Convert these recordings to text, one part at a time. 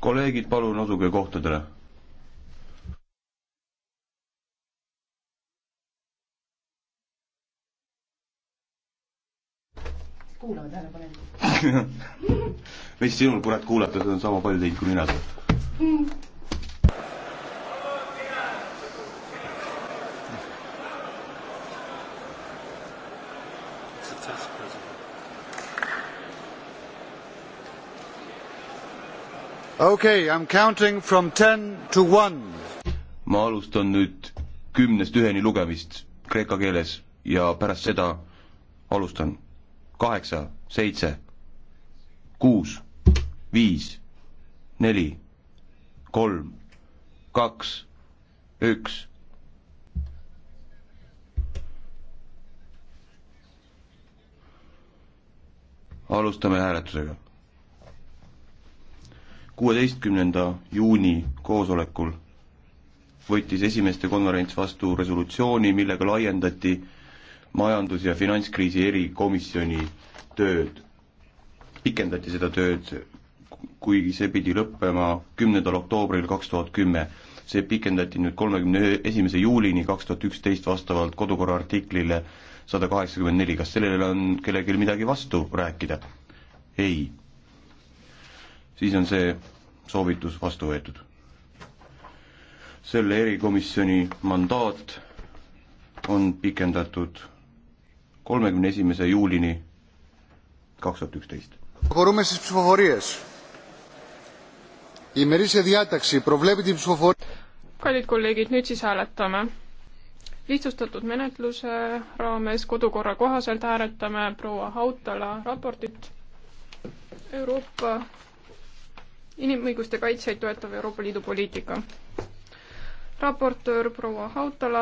kolleegid, palun asuge kohtadele. kuulame tähelepanelikult. mis sinul, kurat, kuulata, seda on sama palju teinud kui mina. Hmm. okei okay,, I m counting from ten to one. ma alustan nüüd kümnest üheni lugemist kreeka keeles ja pärast seda alustan kaheksa, seitse, kuus, viis, neli, kolm, kaks, üks. alustame hääletusega kuueteistkümnenda juuni koosolekul võttis esimeste konverents vastu resolutsiooni, millega laiendati majandus- ja finantskriisi erikomisjoni tööd. pikendati seda tööd, kuigi see pidi lõppema kümnendal oktoobril kaks tuhat kümme. see pikendati nüüd kolmekümne esimese juulini kaks tuhat üksteist vastavalt kodukorra artiklile sada kaheksakümmend neli. kas sellele on kellelgi midagi vastu rääkida? ei siis on see soovitus vastu võetud. selle erikomisjoni mandaat on pikendatud kolmekümne esimese juulini kaks tuhat üksteist. Προχωρούμε στις ψηφοφορίες. Η ημερήσια διάταξη προβλέπει την ψηφοφορία. Kallid kolleegid, nüüd siis hääletame. Lihtsustatud menetluse raames kodukorra kohaselt hääletame proua Hautala raportit Euroopa inimõiguste kaitseid toetav Euroopa Liidu poliitika. raportöör proua Hautala,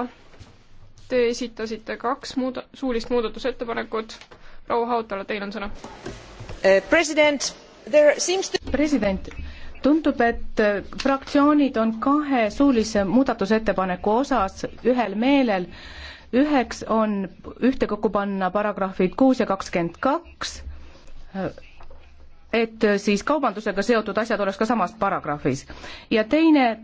te esitasite kaks muuda-, suulist muudatusettepanekut. proua Hautala, teil on sõna. Eh, president, there seems to president, tundub, et eh, fraktsioonid on kahe suulise muudatusettepaneku osas ühel meelel. üheks on ühtekokku panna paragrahvid kuus ja kakskümmend kaks eh, et siis kaubandusega seotud asjad oleks ka samas paragrahvis. ja teine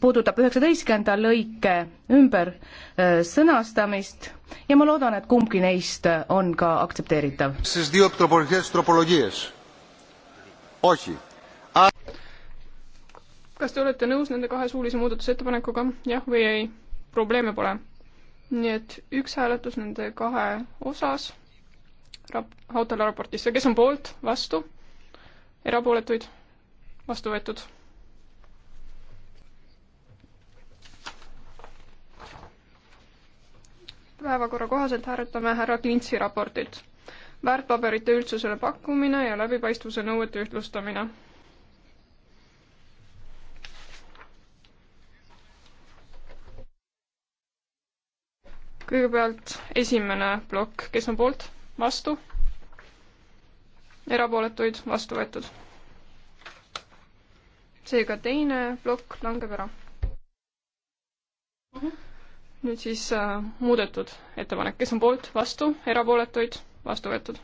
puudutab üheksateistkümnenda lõike ümber öö, äh, sõnastamist ja ma loodan, et kumbki neist on ka aktsepteeritav. kas te olete nõus nende kahe suulise muudatusettepanekuga, jah või ei? probleeme pole. nii et üks hääletus nende kahe osas rap-, autole raportisse, kes on poolt, vastu erapooletuid, vastu võetud. päevakorra kohaselt hääletame härra Klintsi raportit. väärtpaberite üldsusele pakkumine ja läbipaistvuse nõuete ühtlustamine kõigepealt esimene plokk, kes on poolt, vastu, erapooletuid vastu võetud. seega teine plokk langeb ära. nüüd siis äh, muudetud ettepanek, kes on poolt, vastu, erapooletuid, vastu võetud.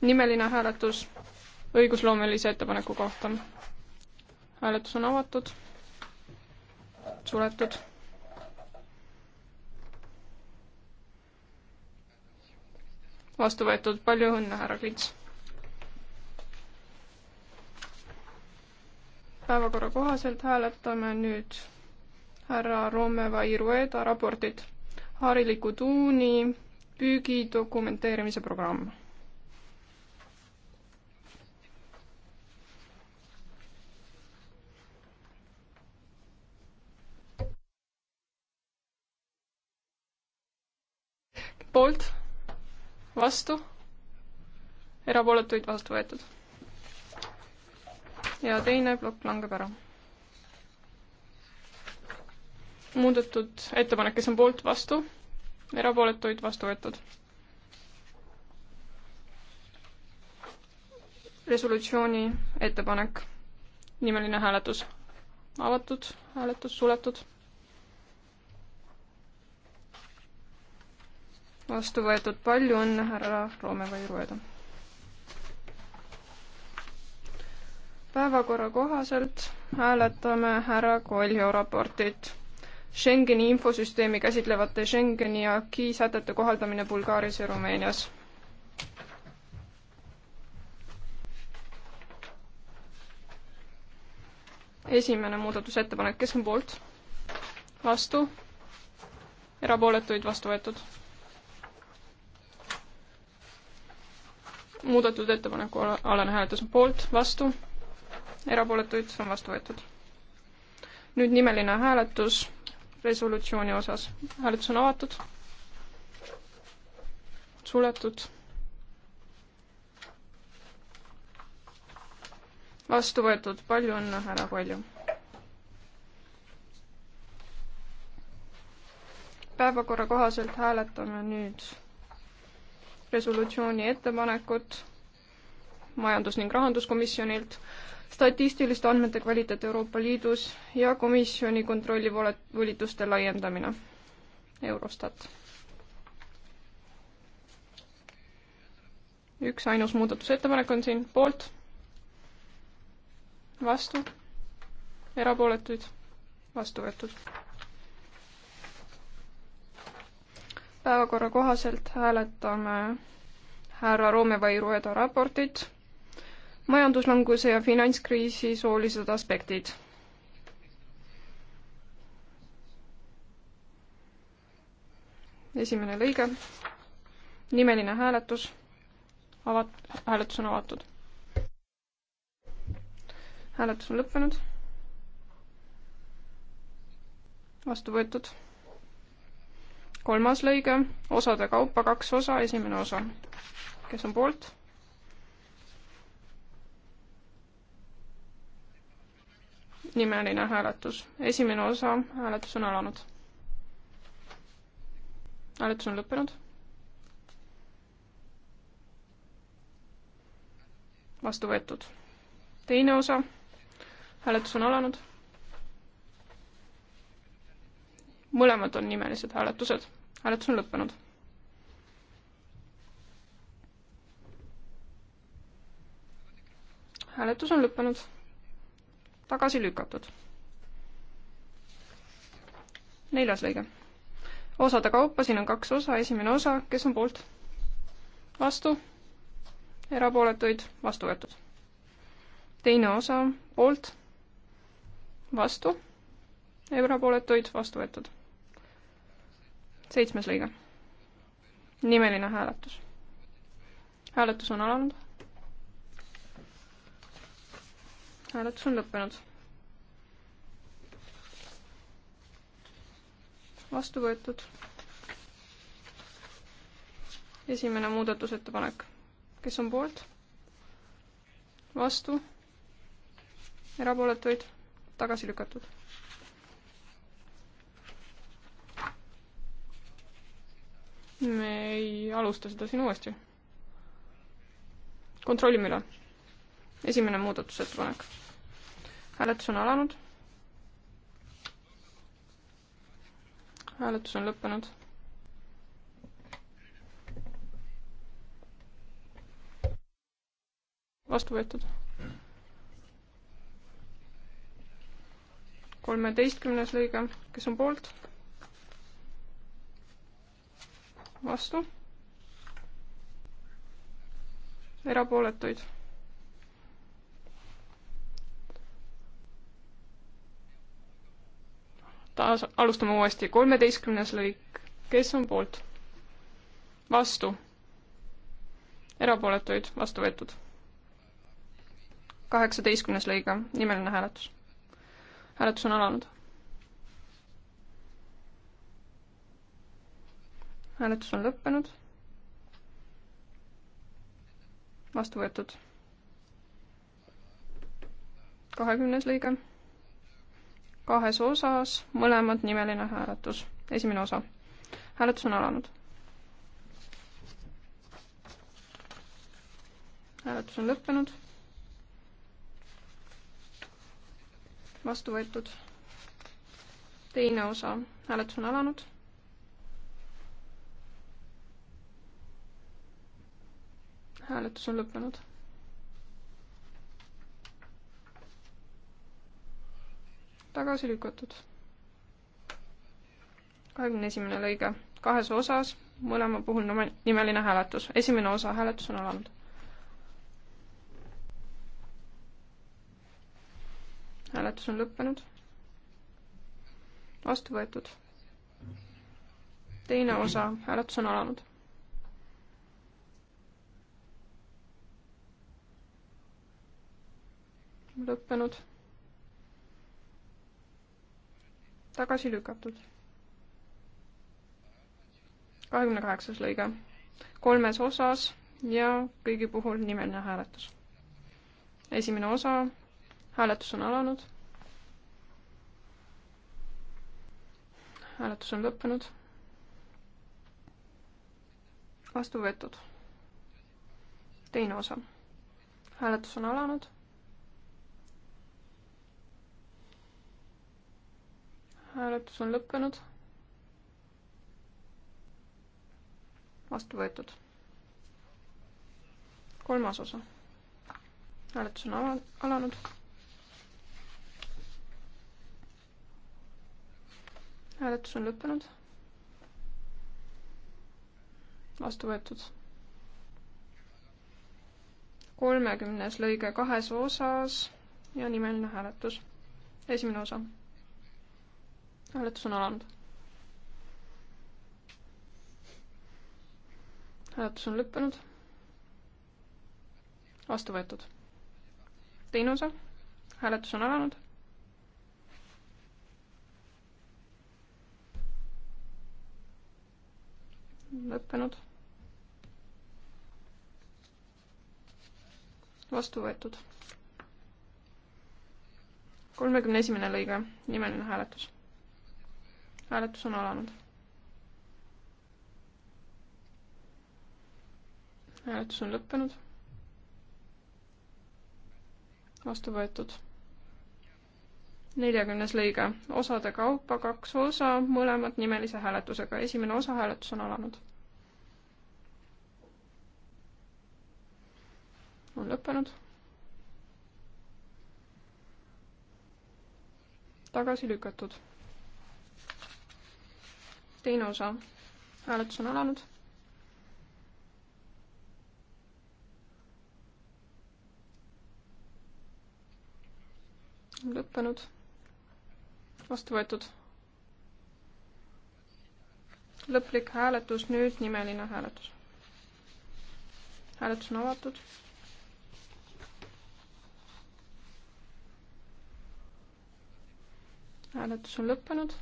nimeline hääletus õigusloomelise ettepaneku kohta. hääletus on avatud, suletud vastu võetud, palju õnne, härra Klints. päevakorra kohaselt hääletame nüüd härra Romeva Irueda raportit hariliku tuuni püügi dokumenteerimise programm. poolt vastu, erapooletuid vastu võetud. ja teine plokk langeb ära. muudetud ettepanek, kes on poolt, vastu, erapooletuid vastu võetud. resolutsiooni ettepanek, nimeline hääletus, avatud hääletus, suletud vastu võetud, palju õnne, härra Roomeva Irueda. päevakorra kohaselt hääletame härra Koljo raportit Schengeni infosüsteemi käsitlevate Schengeni ja Ki sätete kohaldamine Bulgaarias ja Rumeenias. esimene muudatusettepanek, kes on poolt? vastu? erapooletuid vastu võetud? muudetud ettepaneku alane hääletus on poolt, vastu, erapooletuid on vastu võetud. nüüd nimeline hääletus resolutsiooni osas. hääletus on avatud, suletud, vastu võetud, palju õnne, härra Kalju. päevakorra kohaselt hääletame nüüd resolutsiooni ettepanekut majandus- ning rahanduskomisjonilt statistiliste andmete kvaliteet Euroopa Liidus ja komisjoni kontrolli volituste laiendamine, Eurostat. üks ainus muudatusettepanek on siin, poolt, vastu, erapooletuid, vastu võetud päevakorra kohaselt hääletame härra Romeva Irueda raportit majanduslanguse ja finantskriisi soolised aspektid. esimene lõige, nimeline hääletus, avat-, hääletus on avatud. hääletus on lõppenud. vastu võetud kolmas lõige, osade kaupa kaks osa, esimene osa. kes on poolt? nimeline hääletus. esimene osa, hääletus on alanud. hääletus on lõppenud. vastu võetud. teine osa, hääletus on alanud. mõlemad on nimelised hääletused hääletus on lõppenud. hääletus on lõppenud. tagasi lükatud. neljas lõige. osade kaupa, siin on kaks osa, esimene osa, kes on poolt? vastu. erapooletuid, vastu võetud. teine osa, poolt. vastu. erapooletuid, vastu võetud seitsmes lõige. nimeline hääletus. hääletus on alanud. hääletus on lõppenud. vastu võetud. esimene muudatusettepanek. kes on poolt? vastu? erapooletuid? tagasi lükatud me ei alusta seda siin uuesti. kontrollime üle. esimene muudatusettepanek. hääletus on alanud. hääletus on lõppenud. vastu võetud. kolmeteistkümnes lõige, kes on poolt? vastu. erapooletuid. taas alustame uuesti, kolmeteistkümnes lõik, kes on poolt? vastu. erapooletuid, vastu võetud. kaheksateistkümnes lõige, nimeline hääletus. hääletus on alanud hääletus on lõppenud. vastu võetud. kahekümnes lõige. kahes osas, mõlemad nimeline hääletus, esimene osa. hääletus on alanud. hääletus on lõppenud. vastu võetud. teine osa, hääletus on alanud hääletus on lõppenud. tagasi lükatud. kahekümne esimene lõige, kahes osas, mõlema puhul nimeline hääletus, esimene osa hääletus on alanud. hääletus on lõppenud. vastu võetud. teine osa hääletus on alanud lõppenud. tagasi lükatud. kahekümne kaheksas lõige kolmes osas ja kõigi puhul nimeline hääletus. esimene osa, hääletus on alanud. hääletus on lõppenud. vastu võetud. teine osa, hääletus on alanud hääletus on lõppenud. vastu võetud. kolmas osa. hääletus on ava-, alanud. hääletus on lõppenud. vastu võetud kolmekümnes lõige kahes osas ja nimeline hääletus. esimene osa hääletus on alanud. hääletus on lõppenud. vastu võetud. teine osa, hääletus on alanud. lõppenud. vastu võetud. kolmekümne esimene lõige, nimeline hääletus hääletus on alanud. hääletus on lõppenud. vastu võetud. neljakümnes lõige, osade kaupa kaks osa, mõlemad nimelise hääletusega, esimene osa hääletus on alanud. on lõppenud. tagasi lükatud teine osa. hääletus on alanud. lõppenud. vastu võetud. lõplik hääletus, nüüd nimeline hääletus. hääletus on avatud. hääletus on lõppenud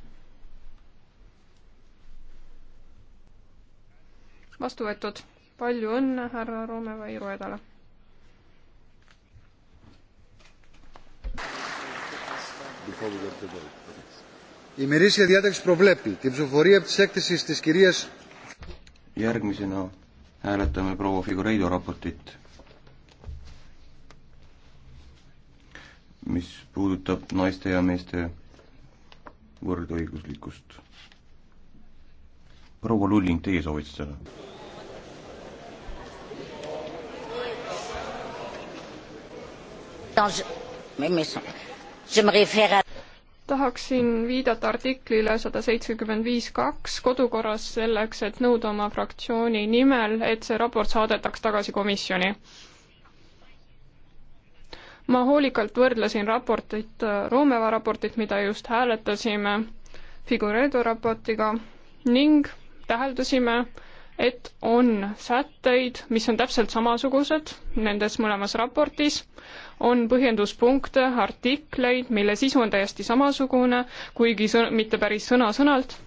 vastu võetud. palju õnne härra Roomeva Iruedale. Η μερίσια διάταξη προβλέπει την ψηφοφορία της έκθεσης της κυρίας... Järgmisena hääletame proua Figureido raportit, mis puudutab naiste ja meeste võrdõiguslikkust proua Lulling, teie soovitate sõna? tahaksin viidata artiklile sada seitsekümmend viis kaks kodukorras selleks, et nõuda oma fraktsiooni nimel, et see raport saadetaks tagasi komisjoni. ma hoolikalt võrdlesin raportit, Roomeva raportit, mida just hääletasime, Figuredo raportiga ning täheldasime, et on sätteid, mis on täpselt samasugused nendes mõlemas raportis, on põhjenduspunkte, artikleid, mille sisu on täiesti samasugune, kuigi sõn-, mitte päris sõna-sõnalt.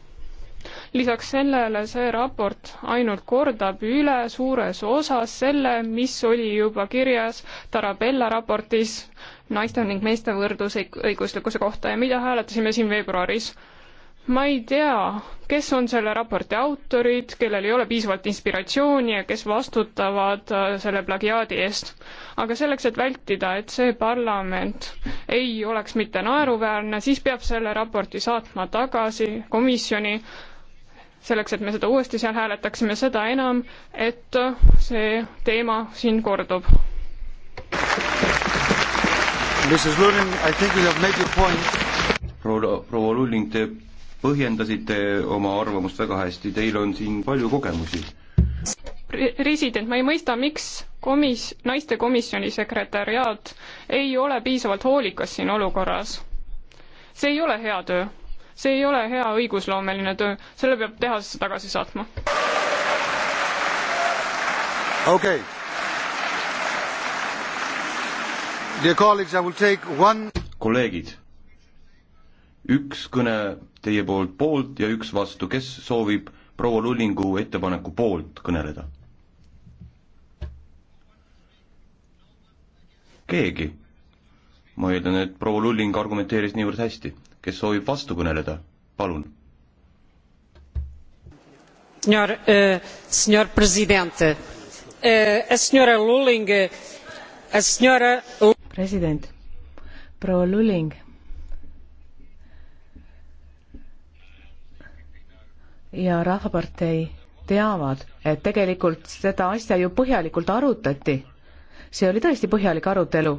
lisaks sellele see raport ainult kordab üle suures osas selle, mis oli juba kirjas Tarabella raportis naiste ning meeste võrdusõiguslikkuse kohta ja mida hääletasime siin veebruaris ma ei tea, kes on selle raporti autorid, kellel ei ole piisavalt inspiratsiooni ja kes vastutavad äh, selle plagiaadi eest. aga selleks, et vältida, et see parlament ei oleks mitte naeruväärne, siis peab selle raporti saatma tagasi komisjoni, selleks, et me seda uuesti seal hääletaksime, seda enam, et äh, see teema siin kordub. Mrs Luling, I think you have made your point. proua Luling, te põhjendasite oma arvamust väga hästi, teil on siin palju kogemusi. president, ma ei mõista, miks komis-, naistekomisjoni sekretäriaat ei ole piisavalt hoolikas siin olukorras. see ei ole hea töö, see ei ole hea õigusloomeline töö, selle peab tehasesse tagasi saatma. okei okay.. Dear colleagues, I will take one kolleegid üks kõne teie poolt poolt ja üks vastu, kes soovib proua Lullingu ettepaneku poolt kõneleda? keegi. ma eeldan, et proua Lulling argumenteeris niivõrd hästi. kes soovib vastu kõneleda, palun. Senhor uh,, eh, senhor presidente uh,, senhora Lulling, senhora president, proua Lulling ja Rahvapartei teavad, et tegelikult seda asja ju põhjalikult arutati. see oli tõesti põhjalik arutelu.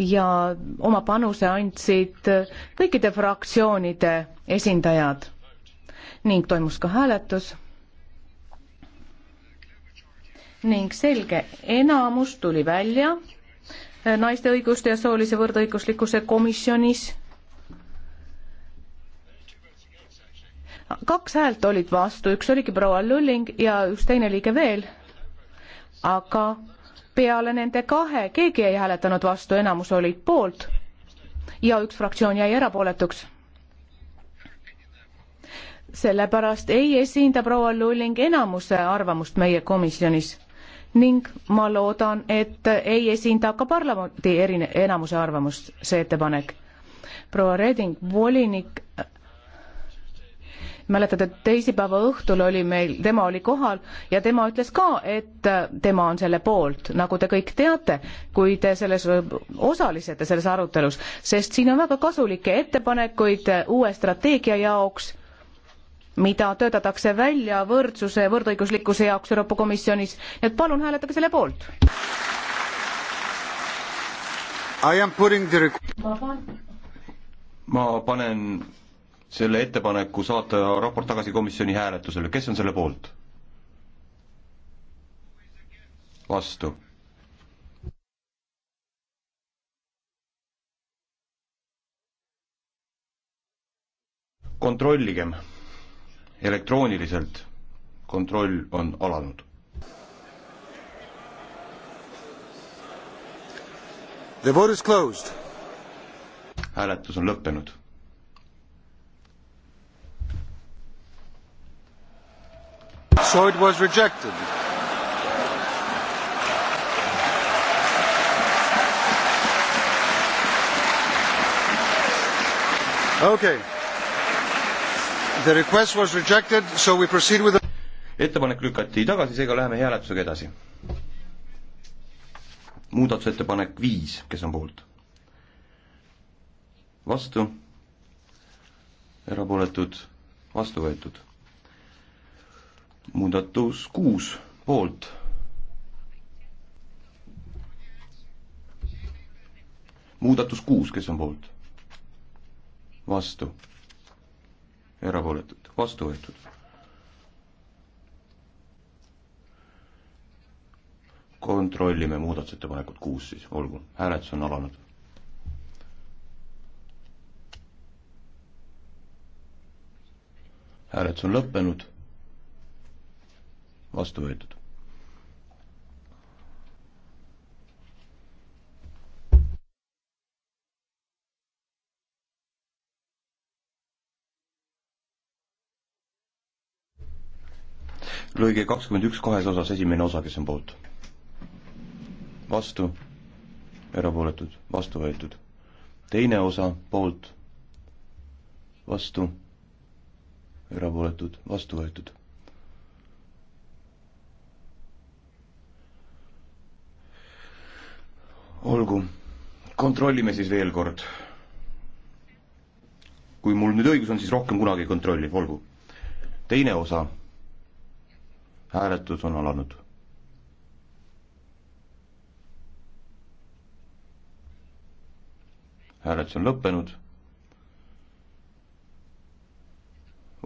ja oma panuse andsid kõikide fraktsioonide esindajad ning toimus ka hääletus. ning selge enamus tuli välja naiste õiguste ja soolise võrdõiguslikkuse komisjonis kaks häält olid vastu, üks oligi proua Lulling ja üks teine liige veel. aga peale nende kahe keegi ei hääletanud vastu, enamus olid poolt ja üks fraktsioon jäi erapooletuks. sellepärast ei esinda proua Lulling enamuse arvamust meie komisjonis ning ma loodan, et ei esinda ka parlamendi erine-, enamuse arvamust see ettepanek. proua Reding, volinik mäletate, et teisipäeva õhtul oli meil, tema oli kohal ja tema ütles ka, et äh, tema on selle poolt, nagu te kõik teate, kui te selles äh, osalisete selles arutelus, sest siin on väga kasulikke ettepanekuid äh, uue strateegia jaoks, mida töötatakse välja võrdsuse, võrdõiguslikkuse jaoks Euroopa Komisjonis, nii et palun hääletage selle poolt. The... ma panen selle ettepaneku saata raport tagasi komisjoni hääletusele, kes on selle poolt? vastu. kontrolligem elektrooniliselt, kontroll on alanud. The vote is closed. hääletus on lõppenud So it was rejected. Okay. The request was rejected, so we proceed with the... ettepanek lükati tagasi, seega läheme hääletusega edasi. muudatusettepanek viis, kes on poolt? vastu, erapooletud, vastu võetud muudatus kuus poolt. muudatus kuus, kes on poolt? vastu. erapooletud, vastu võetud. kontrollime muudatusettepanekut kuus siis, olgu, hääletus on alanud. hääletus on lõppenud vastu võetud. lõige kakskümmend üks kahes osas esimene osa, kes on poolt? vastu, erapooletud, vastu võetud. teine osa poolt, vastu, erapooletud, vastu võetud olgu, kontrollime siis veel kord. kui mul nüüd õigus on, siis rohkem kunagi ei kontrolli, olgu. teine osa, hääletus on alanud. hääletus on lõppenud.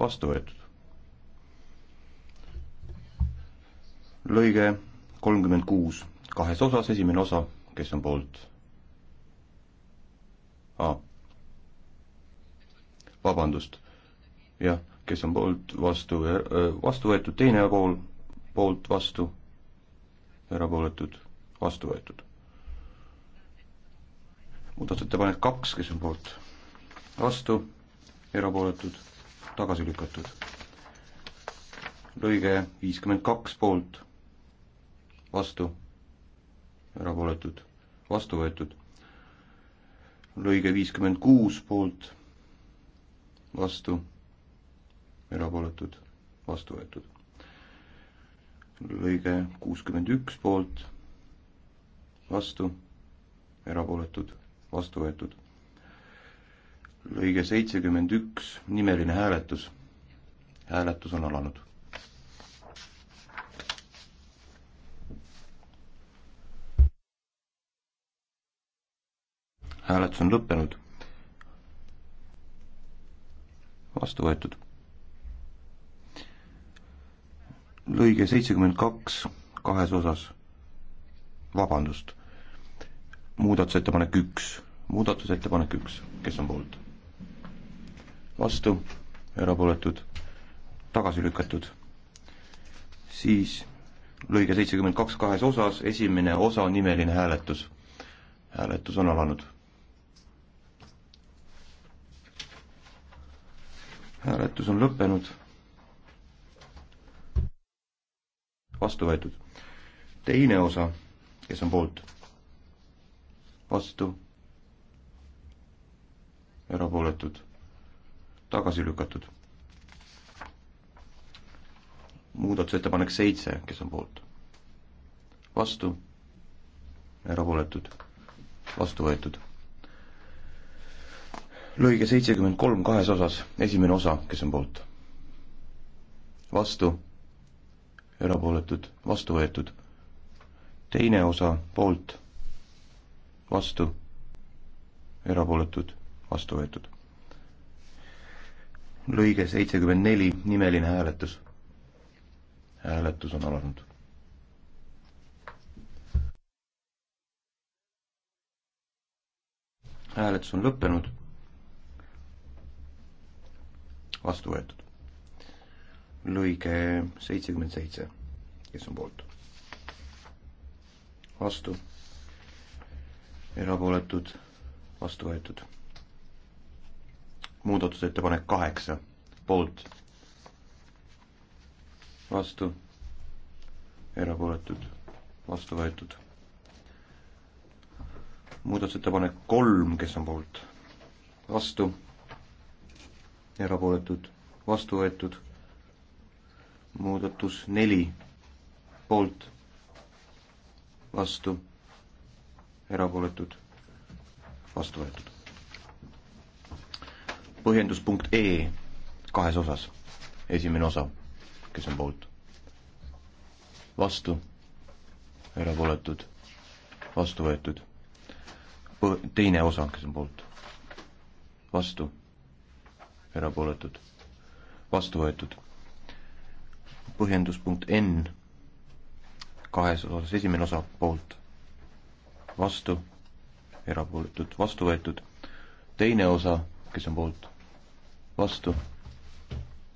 vastu võetud. lõige kolmkümmend kuus, kahes osas, esimene osa kes on poolt? vabandust, jah, kes on poolt, vastu, äh, vastu võetud, teine pool, poolt, vastu, erapooletud, vastu võetud. muudatusettepanek kaks, kes on poolt, vastu, erapooletud, tagasi lükatud. lõige viiskümmend kaks poolt, vastu erapooletud, vastu võetud. lõige viiskümmend kuus poolt, vastu, erapooletud, vastu võetud. lõige kuuskümmend üks poolt, vastu, erapooletud, vastu võetud. lõige seitsekümmend üks, nimeline hääletus. hääletus on alanud. hääletus on lõppenud. vastu võetud. lõige seitsekümmend kaks kahes osas, vabandust, muudatusettepanek üks, muudatusettepanek üks, kes on poolt? vastu, erapooletud, tagasi lükatud. siis lõige seitsekümmend kaks kahes osas, esimene osa, nimeline hääletus. hääletus on alanud hääletus on lõppenud. vastu võetud. teine osa, kes on poolt? vastu. erapooletud. tagasi lükatud. muudatusettepanek seitse, kes on poolt? vastu. erapooletud. vastu võetud lõige seitsekümmend kolm kahes osas, esimene osa, kes on poolt? vastu, erapooletud, vastu võetud. teine osa poolt, vastu, erapooletud, vastu võetud. lõige seitsekümmend neli, nimeline hääletus. hääletus on alanud hääletus on lõppenud vastu võetud. lõige seitsekümmend seitse, kes on poolt? vastu, erapooletud, vastu võetud. muudatusettepanek kaheksa, poolt, vastu, erapooletud, vastu võetud. muudatusettepanek kolm, kes on poolt? vastu erapooletud, vastu võetud. muudatus neli, poolt, vastu, erapooletud, vastu võetud. põhjenduspunkt E kahes osas. esimene osa, kes on poolt, vastu, erapooletud, vastu võetud. teine osa, kes on poolt, vastu erapooletud, vastu võetud. põhjendus punkt N kahes osas, esimene osa poolt, vastu, erapooletud, vastu võetud, teine osa, kes on poolt, vastu,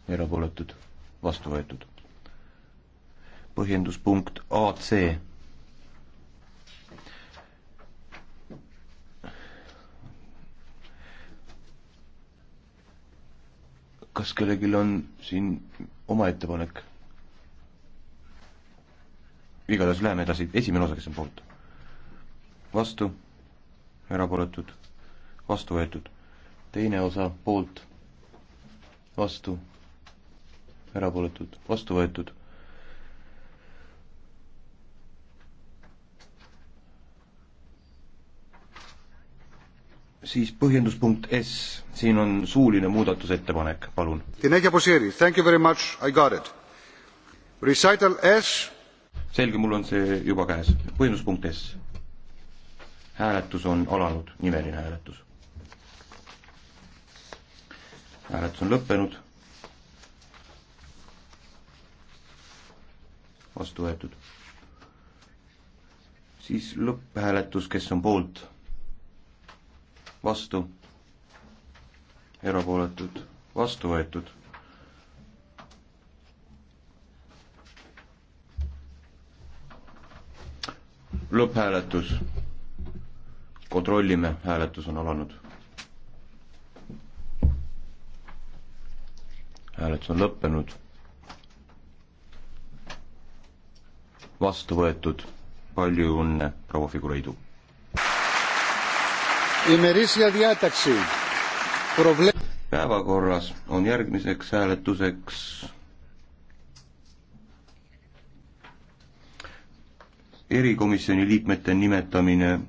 erapooletud, vastu võetud. põhjenduspunkt AC kas kellelgi on siin oma ettepanek? igatahes läheme edasi, esimene osa, kes on poolt? vastu, erapooletud, vastu võetud. teine osa poolt, vastu, erapooletud, vastu võetud siis põhjenduspunkt S, siin on suuline muudatusettepanek, palun. selge, mul on see juba käes, põhjenduspunkt S. hääletus on alanud, nimeline hääletus. hääletus on lõppenud. vastu võetud. siis lõpphääletus, kes on poolt vastu, erapooletud, vastu võetud. lõpphääletus. kontrollime, hääletus on alanud. hääletus on lõppenud. vastu võetud, palju õnne, proua Figureidu päevakorras on järgmiseks hääletuseks erikomisjoni liikmete nimetamine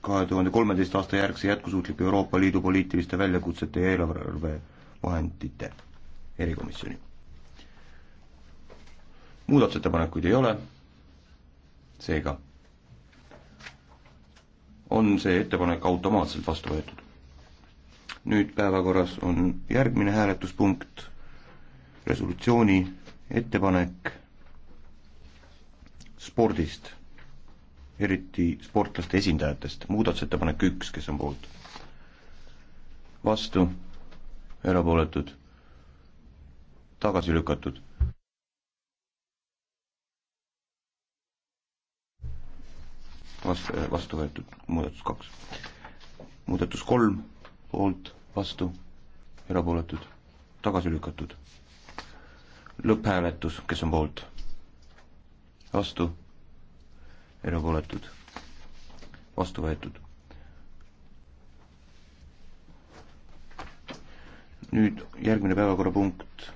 kahe tuhande kolmeteist aasta järgse jätkusuutliku Euroopa Liidu poliitiliste väljakutsete ja eelarvevahendite erikomisjoni. muudatusettepanekuid ei ole, seega on see ettepanek automaatselt vastu võetud. nüüd päevakorras on järgmine hääletuspunkt, resolutsiooni ettepanek spordist, eriti sportlaste esindajatest, muudatusettepanek üks, kes on poolt, vastu, erapooletud, tagasi lükatud osas äh, vastu võetud muudatus kaks. muudatus kolm poolt, vastu, erapooletud, tagasi lükatud. lõpphääletus, kes on poolt? vastu, erapooletud, vastu võetud. nüüd järgmine päevakorrapunkt,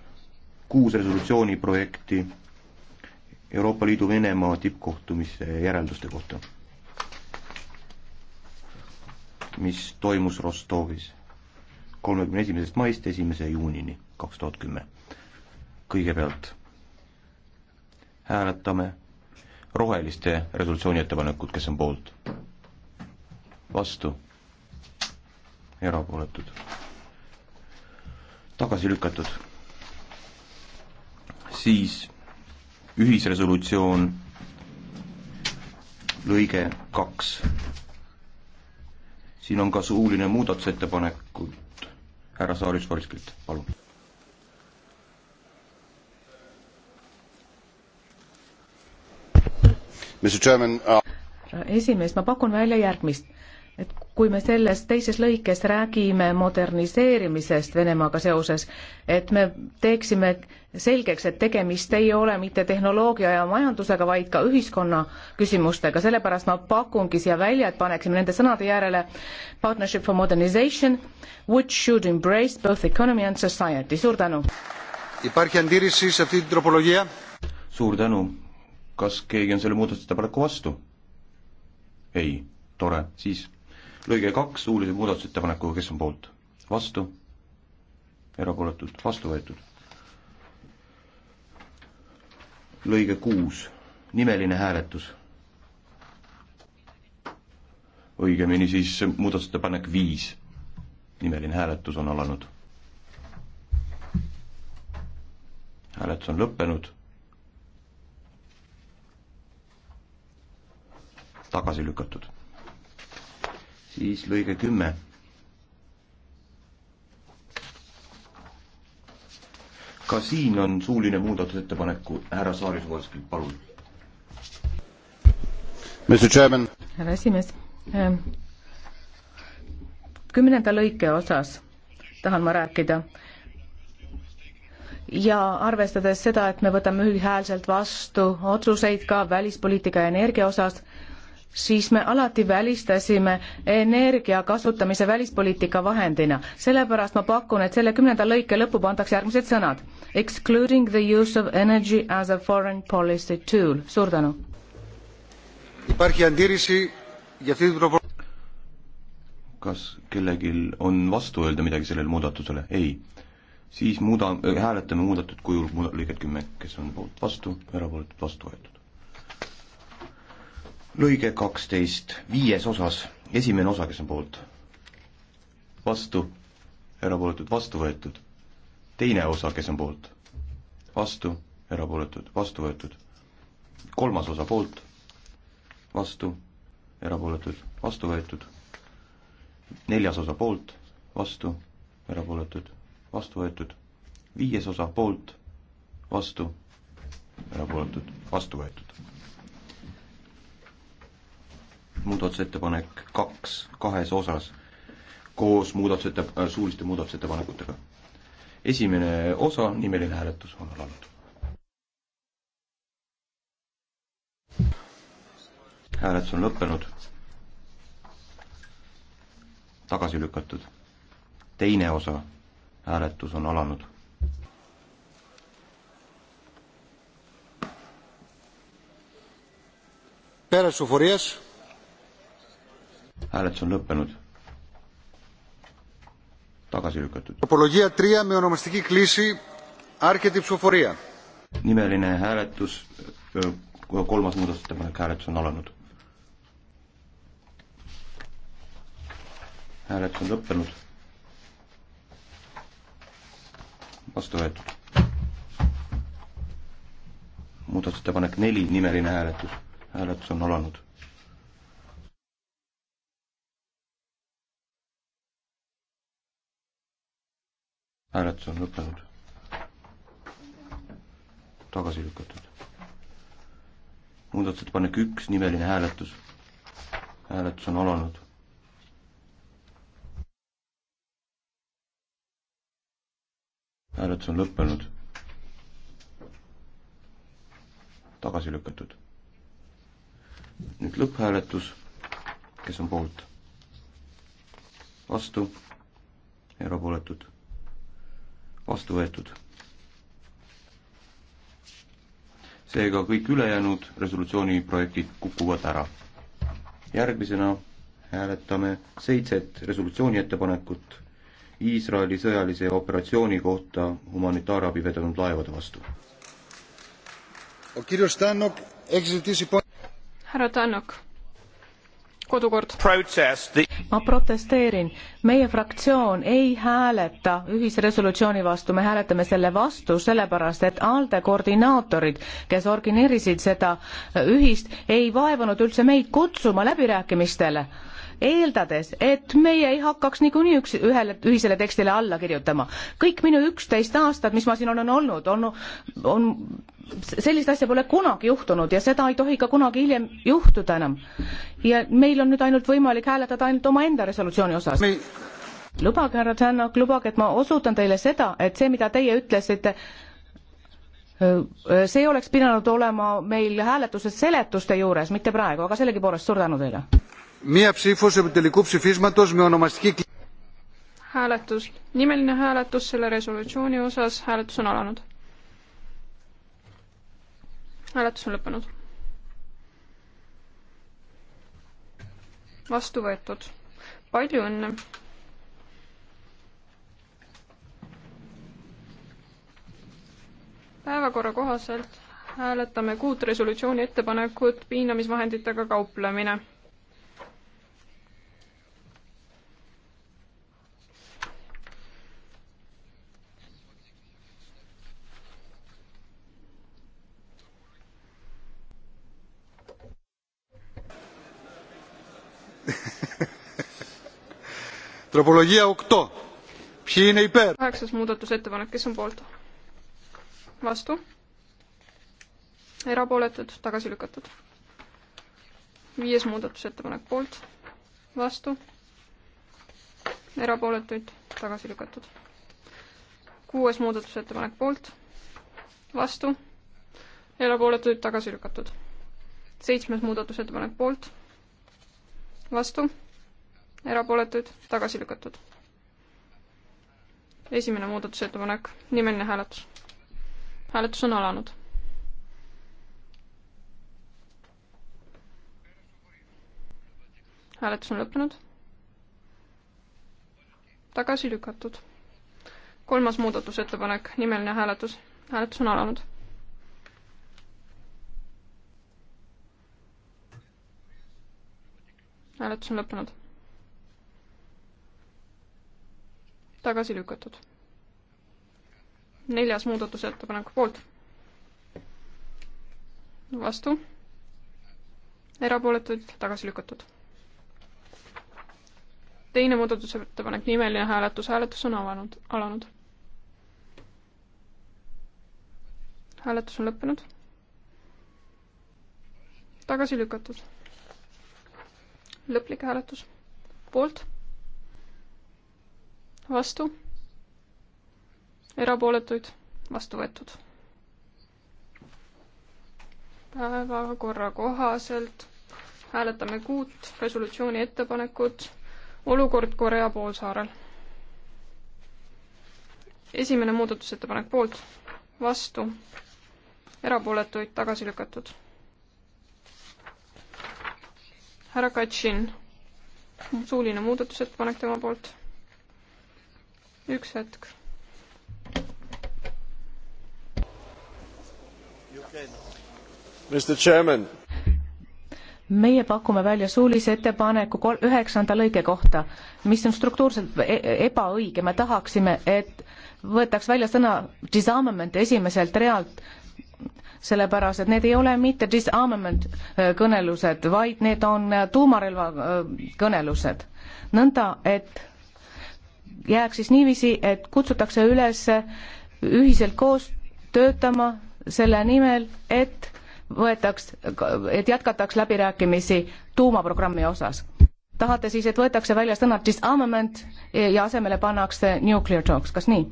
kuus resolutsiooni projekti Euroopa Liidu Venemaa tippkohtumise järelduste kohta mis toimus Rostovis kolmekümne esimesest maist esimese juunini kaks tuhat kümme. kõigepealt hääletame roheliste resolutsiooni ettepanekut, kes on poolt, vastu, erapooletud, tagasi lükatud, siis ühisresolutsioon lõige kaks siin on ka suuline muudatusettepanekut härra Saarjus-Volskilt, palun. Uh härra esimees, ma pakun välja järgmist et kui me selles teises lõikes räägime moderniseerimisest Venemaaga seoses, et me teeksime selgeks, et tegemist ei ole mitte tehnoloogia ja majandusega, vaid ka ühiskonna küsimustega, sellepärast ma pakungi siia välja, et paneksime nende sõnade järele partnership for modernization, which should embrace both economy and society, suur tänu. suur tänu, kas keegi on selle muudatusettepaneku vastu? ei, tore, siis lõige kaks suulise muudatusettepanekuga, kes on poolt? vastu? erapooletult vastu võetud. lõige kuus, nimeline hääletus. õigemini siis muudatusettepanek viis, nimeline hääletus on alanud. hääletus on lõppenud. tagasi lükatud siis lõige kümme. ka siin on suuline muudatusettepaneku härra Saari-Suvalski, palun. härra esimees, ähm, kümnenda lõike osas tahan ma rääkida ja arvestades seda, et me võtame ühehäälselt vastu otsuseid ka välispoliitika ja energia osas, siis me alati välistasime energia kasutamise välispoliitika vahendina. sellepärast ma pakun, et selle kümnenda lõike lõppu pandaks järgmised sõnad. Excluding the use of energy as a foreign policy tool. suur tänu. kas kellelgi on vastu öelda midagi sellele muudatusele? ei. siis muuda äh,, hääletame muudatud kujul muudat-, lõiget kümme, kes on poolt vastu, erapooletud vastu võetud lõige kaksteist, viies osas, esimene osa, kes on poolt? vastu, erapooletud, vastu võetud. teine osa, kes on poolt? vastu, erapooletud, vastu võetud. kolmas osa poolt, vastu, erapooletud, vastu võetud. neljas osa poolt, vastu, erapooletud, vastu võetud. viies osa poolt, vastu, erapooletud, vastu võetud muudatusettepanek kaks kahes osas koos muudatusettep-, äh, suuliste muudatusettepanekutega. esimene osa, nimeline hääletus on alanud. hääletus on lõppenud, tagasi lükatud. teine osa, hääletus on alanud. Pere Sufurias hääletus on lõppenud. tagasi lükatud. nimeline hääletus, kolmas muudatusettepanek, hääletus on alanud. hääletus on lõppenud. vastu võetud. muudatusettepanek neli, nimeline hääletus, hääletus on alanud. hääletus on lõppenud. tagasi lükatud. muudatusettepanek üks, nimeline hääletus. hääletus on alanud. hääletus on lõppenud. tagasi lükatud. nüüd lõpphääletus, kes on poolt? vastu, erapooletud vastu võetud. seega kõik ülejäänud resolutsiooni projektid kukuvad ära. järgmisena hääletame seitset resolutsiooni ettepanekut Iisraeli sõjalise operatsiooni kohta humanitaarabi vedanud laevade vastu. härra Tannok kodukord. ma protesteerin, meie fraktsioon ei hääleta ühisresolutsiooni vastu, me hääletame selle vastu sellepärast, et ALDE koordinaatorid, kes orgineerisid seda ühist, ei vaevanud üldse meid kutsuma läbirääkimistele eeldades, et meie ei hakkaks niikuinii üks, ühele, ühisele tekstile alla kirjutama. kõik minu üksteist aastat, mis ma siin olen olnud, on, on, sellist asja pole kunagi juhtunud ja seda ei tohi ka kunagi hiljem juhtuda enam. ja meil on nüüd ainult võimalik hääletada ainult omaenda resolutsiooni osas Me... lubage, härra Tšanok, lubage, et ma osutan teile seda, et see, mida teie ütlesite, see oleks pidanud olema meil hääletuse seletuste juures, mitte praegu, aga sellegipoolest suur tänu teile. Μία ψήφος επί τελικού ψηφίσματος με ονομαστική hääletus, nimeline hääletus selle resolutsiooni osas, hääletus on alanud. hääletus on lõppenud. vastu võetud. palju õnne. päevakorra kohaselt hääletame kuut resolutsiooni ettepanekut piinamisvahenditega kauplemine kaheksas muudatusettepanek, kes on poolt? vastu? erapooletud, tagasi lükatud. viies muudatusettepanek poolt, vastu, erapooletuid, tagasi lükatud. kuues muudatusettepanek poolt, vastu, erapooletuid, tagasi lükatud. seitsmes muudatusettepanek poolt, vastu erapooletuid, tagasi lükatud. esimene muudatusettepanek, nimeline hääletus. hääletus on alanud. hääletus on lõppenud. tagasi lükatud. kolmas muudatusettepanek, nimeline hääletus. hääletus on alanud. hääletus on lõppenud tagasi lükatud. neljas muudatusettepanek poolt. vastu. erapooletuid tagasi lükatud. teine muudatusettepanek, nimeline hääletus, hääletus on avanud, alanud. hääletus on lõppenud. tagasi lükatud. lõplik hääletus poolt vastu, erapooletuid, vastu võetud. päevakorra kohaselt hääletame kuut resolutsiooni ettepanekut, olukord Korea poolsaarel. esimene muudatusettepanek poolt, vastu, erapooletuid tagasi lükatud. härra Katšin, suuline muudatusettepanek tema poolt üks hetk. meie pakume välja suulise ettepaneku üheksanda lõige kohta, mis on struktuurselt e-, e ebaõige, me tahaksime, et võetaks välja sõna disarmament esimeselt realt sellepärast et need ei ole mitte disarmament äh, kõnelused, vaid need on äh, tuumarelva äh, kõnelused. nõnda, et jääks siis niiviisi, et kutsutakse üles ühiselt koos töötama selle nimel, et võetaks, et jätkataks läbirääkimisi tuumaprogrammi osas. tahate siis, et võetakse välja sõnad disarmament ja asemele pannakse nuclear talks, kas nii?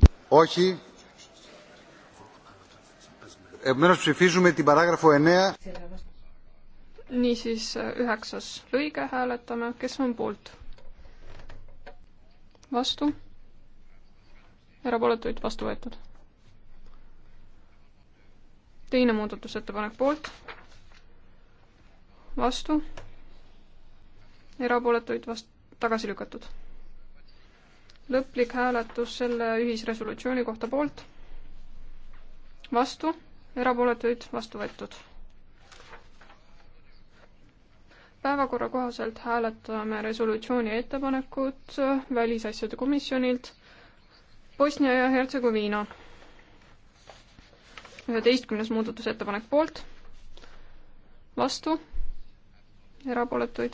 niisiis üheksas lõige hääletame, kes on poolt? vastu, erapooletuid vastu võetud. teine muudatusettepanek poolt, vastu, erapooletuid vast-, tagasi lükatud. lõplik hääletus selle ühisresolutsiooni kohta poolt, vastu, erapooletuid vastu võetud päevakorra kohaselt hääletame resolutsiooni ettepanekut Välisasjade komisjonilt Bosnia ja Hertsegoviina. üheteistkümnes muudatusettepanek poolt, vastu, erapooletuid,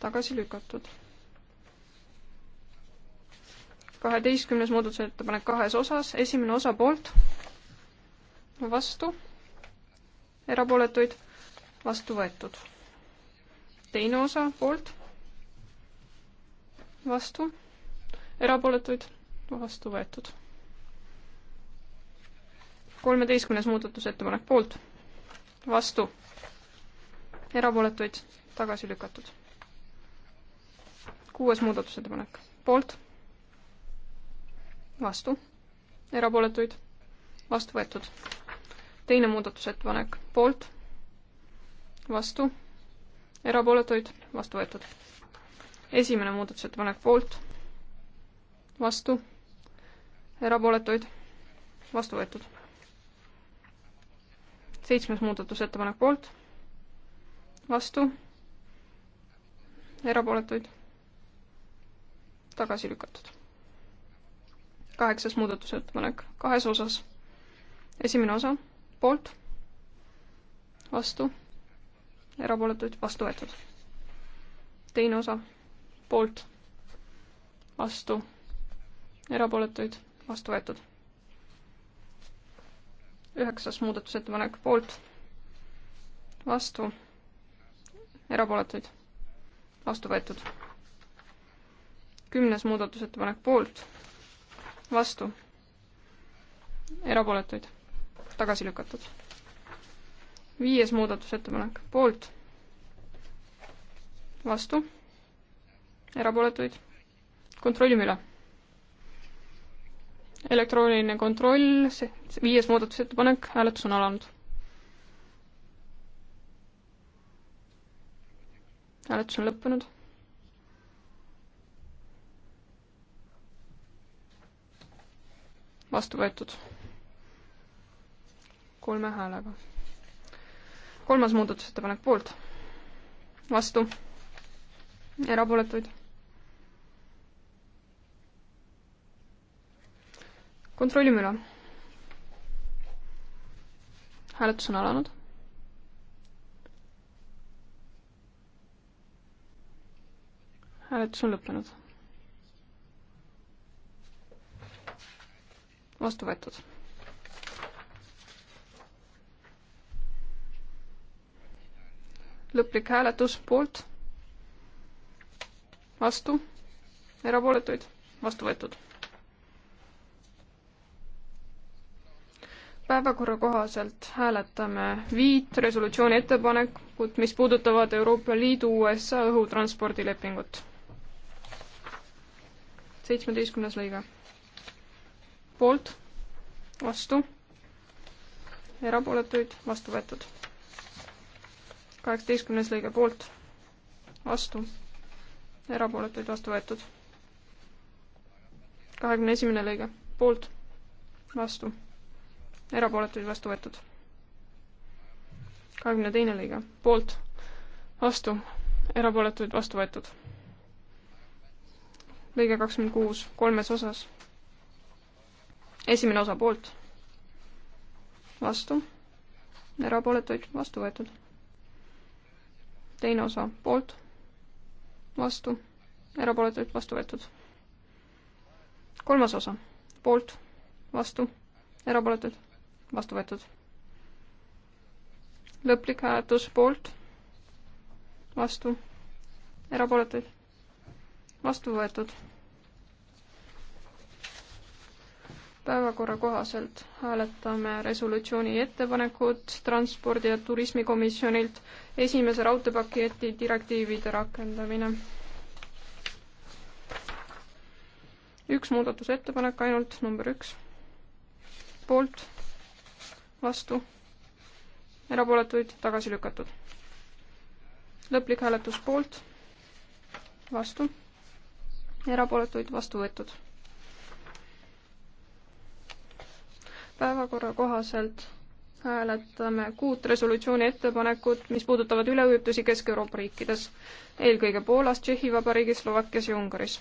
tagasi lükatud. kaheteistkümnes muudatusettepanek kahes osas, esimene osa poolt, vastu, erapooletuid, vastu võetud teine osa poolt, vastu, erapooletuid, vastu võetud. kolmeteistkümnes muudatusettepanek poolt, vastu, erapooletuid, tagasi lükatud. kuues muudatusettepanek poolt, vastu, erapooletuid, vastu võetud. teine muudatusettepanek poolt, vastu erapooletuid, vastu võetud. esimene muudatusettepanek poolt, vastu, erapooletuid, vastu võetud. seitsmes muudatusettepanek poolt, vastu, erapooletuid, tagasi lükatud. kaheksas muudatusettepanek kahes osas. esimene osa, poolt, vastu erapooletuid vastu võetud. teine osa poolt, vastu, erapooletuid vastu võetud. üheksas muudatusettepanek poolt, vastu, erapooletuid vastu võetud. kümnes muudatusettepanek poolt, vastu, erapooletuid tagasi lükatud viies muudatusettepanek, poolt, vastu, erapooletuid, kontrollime üle. elektrooniline kontroll, see viies muudatusettepanek, hääletus on alanud. hääletus on lõppenud vastu võetud kolme häälega kolmas muudatusettepanek poolt, vastu, erapooletuid. kontrollime üle. hääletus on alanud. hääletus on lõppenud. vastu võetud lõplik hääletus poolt, vastu, erapooletuid, vastu võetud. päevakorra kohaselt hääletame viit resolutsiooni ettepanekut, mis puudutavad Euroopa Liidu USA õhutranspordilepingut. seitsmeteistkümnes lõige. poolt, vastu, erapooletuid, vastu võetud kaheksateistkümnes lõige poolt, vastu, erapooletuid vastu võetud. kahekümne esimene lõige poolt, vastu, erapooletuid vastu võetud. kahekümne teine lõige poolt, vastu, erapooletuid vastu võetud. lõige kakskümmend kuus, kolmes osas. esimene osa poolt, vastu erapooletuid vastu võetud teine osa poolt, vastu, erapooletuid vastu võetud. kolmas osa poolt, vastu, erapooletuid vastu võetud. lõplik hääletus poolt, vastu, erapooletuid vastu võetud päevakorra kohaselt hääletame resolutsiooni ettepanekut Transpordi- ja Turismikomisjonilt esimese raudteepaketi direktiivide rakendamine. üks muudatusettepanek ainult, number üks. poolt, vastu, erapooletuid tagasi lükatud. lõplik hääletus poolt, vastu, erapooletuid vastu võetud päevakorra kohaselt hääletame kuut resolutsiooni ettepanekut, mis puudutavad üleujutusi Kesk-Euroopa riikides, eelkõige Poolas, Tšehhi Vabariigis, Slovakkias ja Ungaris.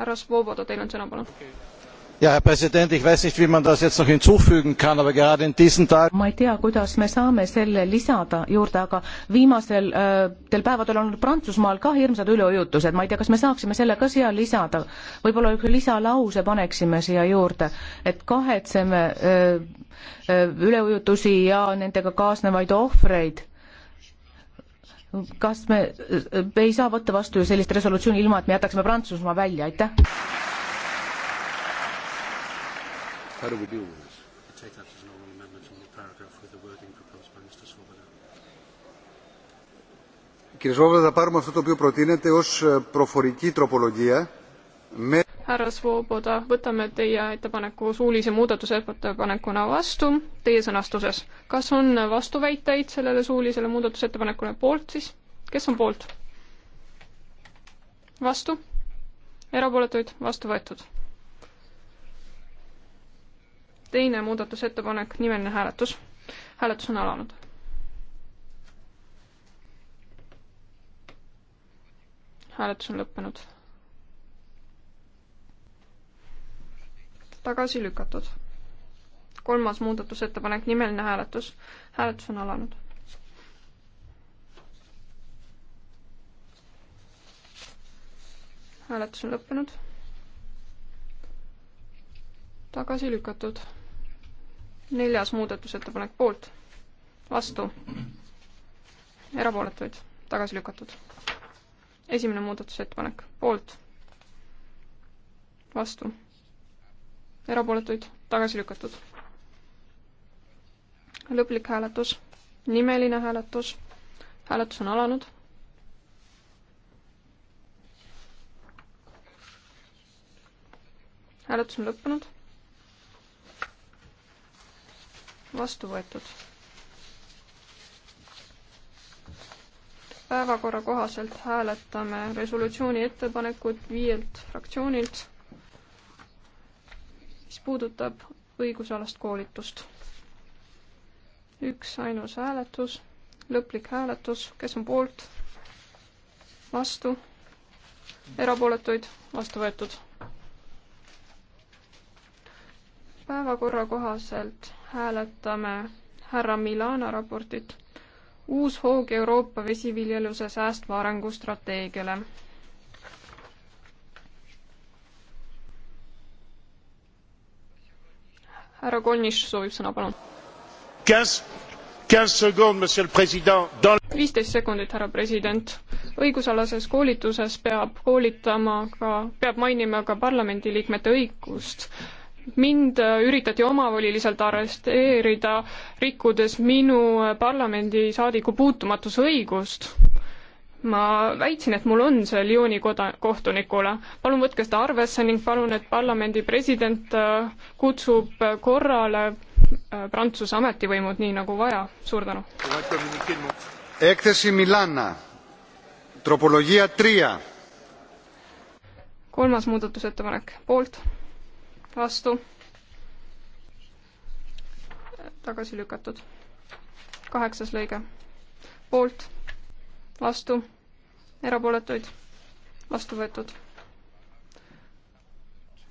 härra Svoboda, teil on sõna, palun. Ja, herr präsident ich weiß nicht wie man das jetzt noch hinzufügen kann aber gerade in diesen tagen ma ei tea kuidas me saame selle lisada juurde aga viimasel äh, päevadel on olnud prantsusmaal ka hirmsad üleujutused ma ei tea kas me saaksime selle ka siia lisada võibolla ühe lisalause paneksime siia juurde et kahetseme äh, äh üleujutusi ja nendega kaasnevaid ohvreid kas me, me äh, ei saa võtta vastu sellist resolutsiooni ilma et me jätaksime prantsusmaa välja aitäh How do we deal with this? I take that as an oral amendment in the paragraph with the wording proposed by Mr. Swoboda. Κύριε Σόβα, θα πάρουμε αυτό το οποίο προτείνεται ως προφορική τροπολογία. Με... Härra Svoboda, võtame teie ettepaneku suulise muudatusettepanekuna vastu teie sõnastuses. kas on vastuväiteid sellele suulisele muudatusettepanekule poolt siis? kes on poolt? vastu? erapooletuid? vastu võetud teine muudatusettepanek, nimeline hääletus. hääletus on alanud. hääletus on lõppenud. tagasi lükatud. kolmas muudatusettepanek, nimeline hääletus. hääletus on alanud. hääletus on lõppenud. tagasi lükatud neljas muudatusettepanek poolt, vastu, erapooletuid, tagasi lükatud. esimene muudatusettepanek poolt, vastu, erapooletuid, tagasi lükatud. lõplik hääletus, nimeline hääletus, hääletus on alanud. hääletus on lõppenud vastu võetud. päevakorra kohaselt hääletame resolutsiooni ettepanekut viielt fraktsioonilt, mis puudutab õigusalast koolitust. üks ainus hääletus, lõplik hääletus, kes on poolt, vastu, erapooletuid, vastu võetud päevakorra kohaselt hääletame härra Milana raportit Uus hoog Euroopa vesiviljeluse säästva arengu strateegiale. härra Kolnis soovib sõna, palun. viisteist sekundit, härra president. õigusalases koolituses peab koolitama ka, peab mainima ka parlamendiliikmete õigust äh, mind äh, üritati omavoliliselt arresteerida, rikkudes minu äh, parlamendisaadiku puutumatusõigust. ma väitsin, et mul on see Lyoni koda-, kohtunikule. palun võtke seda arvesse ning palun, et parlamendi president äh, kutsub korrale Prantsuse ametivõimud nii nagu vaja. suur tänu. kolmas muudatusettepanek, poolt vastu, tagasi lükatud. kaheksas lõige, poolt, vastu, erapooletuid, vastu võetud.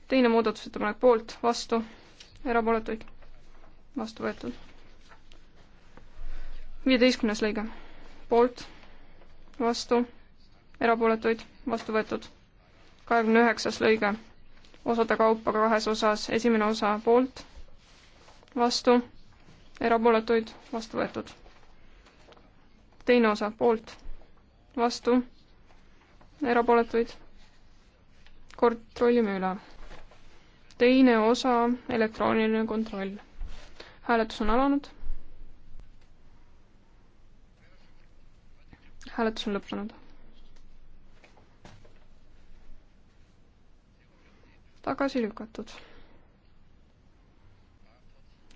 teine muudatusettepanek poolt, vastu, erapooletuid, vastu võetud. viieteistkümnes lõige, poolt, vastu, erapooletuid, vastu võetud. kahekümne üheksas lõige osade kaupa ka kahes osas, esimene osa poolt, vastu, erapooletuid, vastu võetud. teine osa poolt, vastu, erapooletuid, kontrollime üle. teine osa, elektrooniline kontroll. hääletus on alanud. hääletus on lõppenud tagasi lükatud.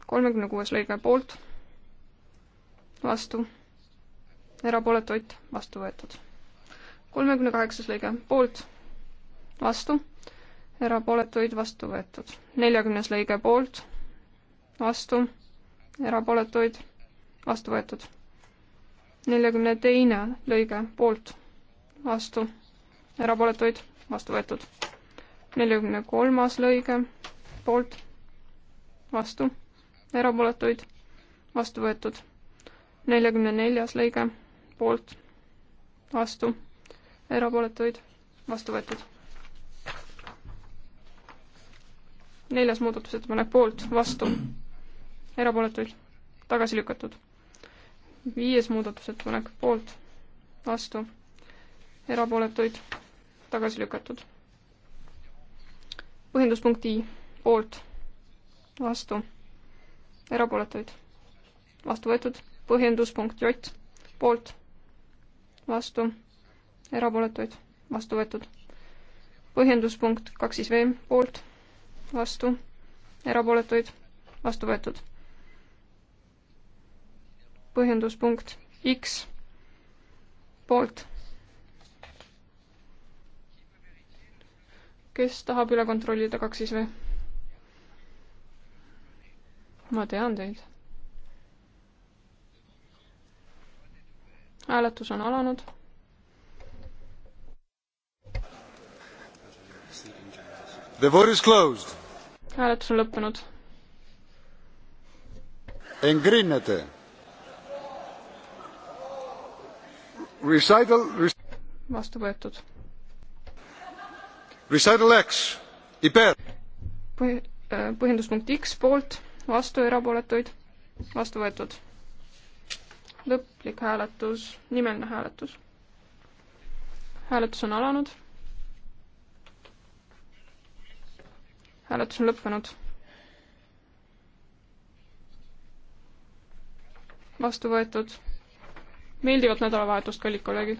kolmekümne kuues lõige poolt, vastu, erapooletuid, vastu võetud. kolmekümne kaheksas lõige poolt, vastu, erapooletuid, vastu võetud. neljakümnes lõige poolt, vastu, erapooletuid, vastu võetud. neljakümne teine lõige poolt, vastu, erapooletuid, vastu võetud neljakümne kolmas lõige poolt, vastu, erapooletuid, vastu võetud. neljakümne neljas lõige poolt, vastu, erapooletuid, vastu võetud. neljas muudatusettepanek poolt, vastu, erapooletuid, tagasi lükatud. viies muudatusettepanek poolt, vastu, erapooletuid, tagasi lükatud põhjenduspunkti poolt, vastu, erapooletuid, vastu võetud, põhjenduspunkt J poolt, vastu, erapooletuid, vastu võetud, põhjenduspunkt kaks siis V poolt, vastu, erapooletuid, vastu võetud, põhjenduspunkt X poolt kes tahab üle kontrollida, kaks siis või? ma tean teid. hääletus on alanud. The vote is closed. hääletus on lõppenud. Engrinnete. Recital res. vastu võetud Recital X, IPER. Äh, põhjenduspunkt X poolt, vastu erapooletuid, vastu võetud. lõplik hääletus, nimeline hääletus. hääletus on alanud. hääletus on lõppenud. vastu võetud. meeldivat nädalavahetust, kallid kolleegid.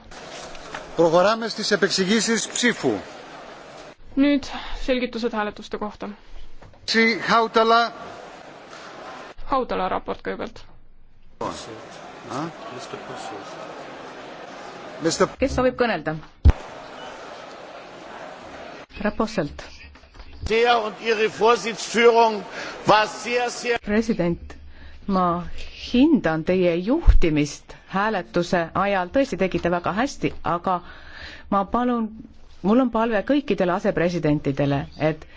Προχωράμε στις επεξηγήσεις ψήφου nüüd selgitused hääletuste kohta. Hautala. Hautala raport kõigepealt. Ah? kes soovib kõnelda? Raposelt. president, ma hindan teie juhtimist hääletuse ajal, tõesti tegite väga hästi, aga ma palun mul on palve kõikidele asepresidentidele, et